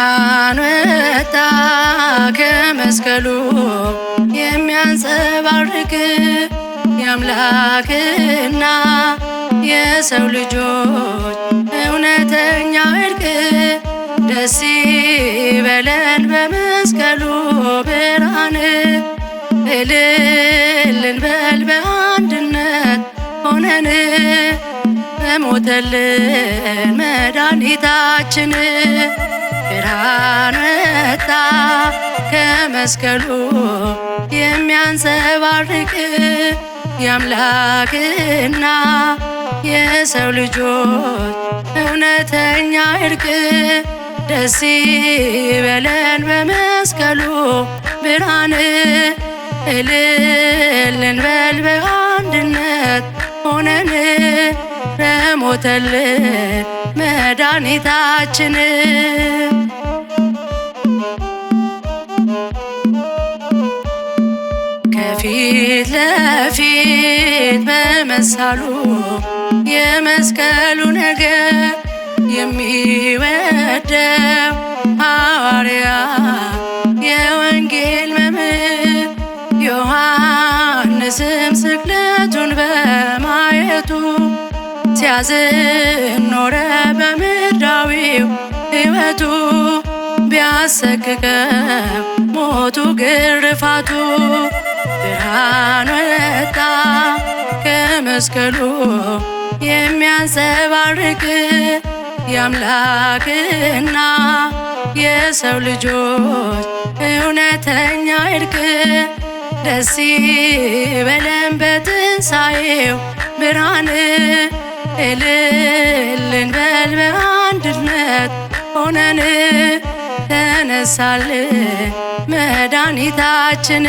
ብርሃን ወጣ ከመስቀሉ የሚያንጸባርቅ የአምላክና የሰው ልጆች እውነተኛ እርቅ ደስ በለን በመስቀሉ ብርሃን እልል እንበል በአንድነት ሆነን በሞተልን መድኃኒታችን ብርሃን ወጣ ከመስቀሉ የሚያንጸባርቅ የአምላክና የሰው ልጆች እውነተኛ እርቅ ደስ በለን በመስቀሉ ብርሃን እልል እንበል በአንድነት ሆነን ለሞተልን መድኃኒታችን ከፊት ለፊት በመሳሉ የመስቀሉ ነገር የሚወደው ሲያዝን ኖረ በምድራዊው ሕይወቱ ቢያሰቅቅም ሞቱ ግርፋቱ ብርሃን ወጣ ከመስቀሉ የሚያንጸባርቅ የአምላክና የሰው ልጆች እውነተኛ እርቅ ደስ በለን በትንሣኤው ብርሃን እልል እንበል በአንድነት ሆነን ተነሳልን መድኃኒታችን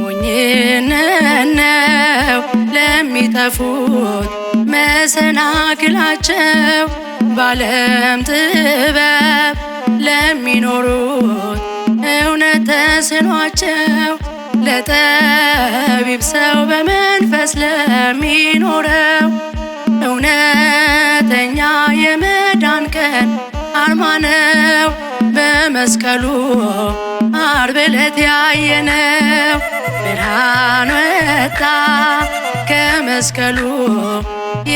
ሞኝነት ነው ለሚጠፉት መሰናክላቸው ባለም ጥበብ ለሚኖሩት እውነት ተስኗቸው ለጠቢብ ሰው በመንፈስ ለሚኖረው እውነተኛ የመዳን ቀን አርማ ነው። በመስቀሉ ዓርብ ዕለት ያየነው ብርሃን ወጣ ከመስቀሉ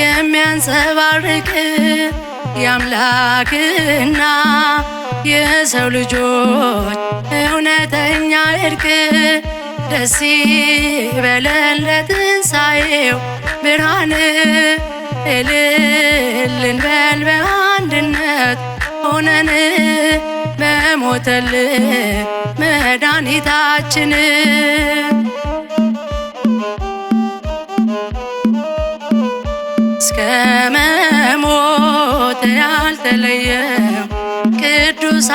የሚያንጸባርቅ የአምላክና የሰው ልጆች እውነተኛ እርቅ ደስ ይበለን ለትንሣኤው ብርሃን እልልን በል በአንድነት ሆነን በሞተል መድኃኒታችን እስከ መሞት ያልተለየው ቅዱሳ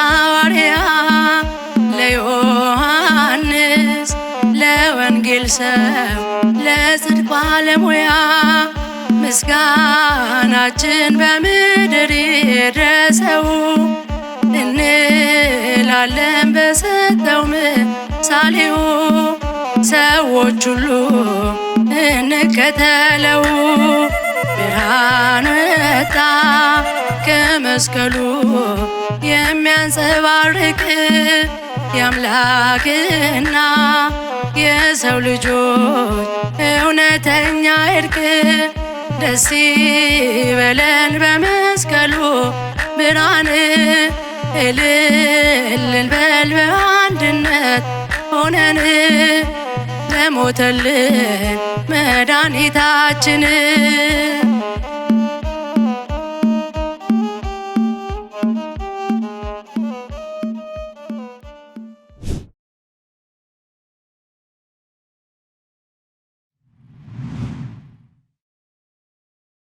የሚል ሰው ለጽድቅ ባለሙያ ምስጋናችን በምድር ይድረሰው እንላለን በሰጠው ምሳሌው ሰዎች ሁሉ እንከተለው። ብርሃን መጣ ከመስቀሉ የሚያንጸባርቅ የአምላክና የሰው ልጆች እውነተኛ እርቅ ደስ በለን በመስቀሉ ብርሃን እልል በል በአንድነት ሆነን ለሞተልን መድኃኒታችን